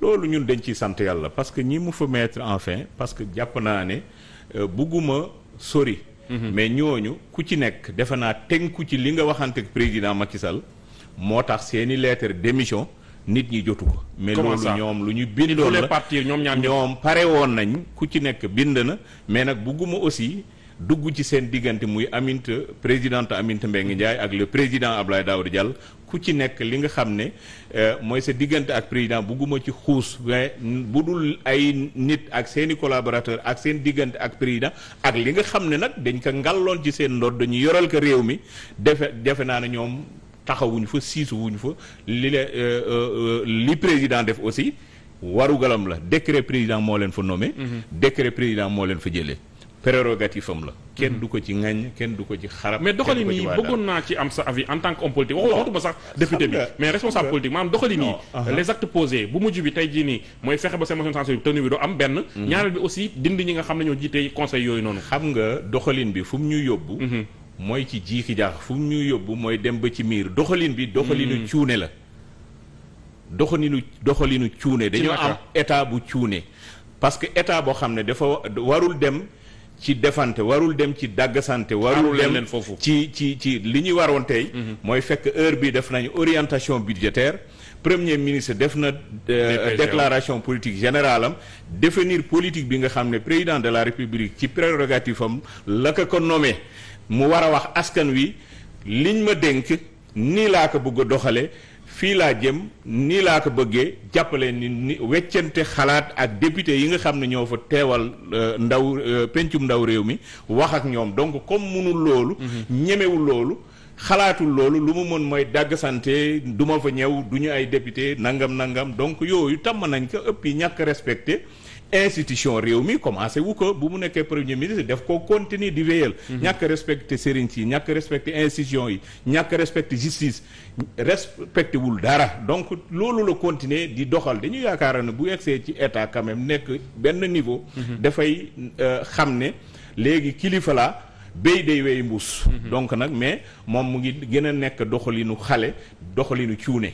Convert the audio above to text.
loolu ñun dañ ciy sant yàlla parce que ñi mu fa mettre enfin parce que jàpp naa ne euh, bugguma sori. Mhm. mais ñooñu ku ci nekk defe naa tënku ci li nga waxante ak président Macky Sall moo tax seeni lettre démission nit ñi jotu ko. mais loolu ñoom lu ñu bindoon la ñoom pare woon nañ ku ci nekk bind na mais nag bugguma aussi. dugg ci seen diggante muy Aminta présidente Aminta Mbengue Ndiaye ak le président Abdoulaye Daouda Diallo ku ci nekk li nga xam ne euh, mooy sa diggante ak président bugguma ci xuus bu dul ay nit ak seen i collaborateur ak seen diggante ak président ak li nga xam ne nag dañ ko ngalloon ci seen ndodd dañu yoral ko réew mi defe defe naa ne ñoom taxawuñ fa siisuwuñ fa li la euh, euh, li président def aussi warugalam la décret président moo leen fa nome mm-hmm. décret président moo leen fa jëlee prérogative am la. kenn du ko ci ŋaññ kenn du ko ci xarab. mais doxalin yi bëggoon naa ci am sa avis en tant que homme politique waxu waxatuma sax député bi mais responsable politique maanaam tey jii nii mooy fexe ba seen motion bi tenu bi doo am benn mhm. ñaareel bi aussi dindi ñi nga xam ne ñoo jiite conseil yooyu noonu xam nga doxalin bi fu mu ñu yóbbu mhm. mooy ci jiiki jaax fu ñu yóbbu mooy dem ba ci miir doxalin bi doxalinu mhm. cuune la doxalinu doxalinu cuune dañoo am état bu cuune parce que état boo xam ne dafa warul dem ci defante warul dem ci dàggasante warul dem foofu ci ci ci li ñuy waroon tey mhm. mooy fekk heure bi def nañu orientation budgétaire premier ministre def na euh, déclaration politique générale am définir politique bi nga xam ne président de la république ci prérogative am la ko ko nommé mu war a wax askan wi liñ ma dénk nii laa ko bëgg a doxale fii laa jëm nii laa ko bëggee jàppale ni ni weccante xalaat ak député yi nga xam ne ñoo fa teewal euh, ndaw euh, pencum ndaw réew mi wax ak ñoom donc comme munul loolu mhm. ñemewul loolu xalaatul loolu lu mu mën mooy dàgg sante du ma fa ñëw du ñu ay député nangam nangam donc yooyu tàmm nañ ko ëpp yi ñàkk respecte institution réew mi commencé wu ko bu mu nekkee premier ministre def ko continuer di wéyal mhm. ñàkk respecte sëriñ si ñàkk respecte institution yi ñàkk respecté justice respecté wul dara donc loolu la continuer di doxal dañu yaakaar ne bu egsee ci état quand même nekk benn niveau mhm. dafay euh, xam ne léegi kilifa la béy day wey mbuus mhm. donc nag mais moom mu ngi gën a nekk doxalinu xale doxalinu cuune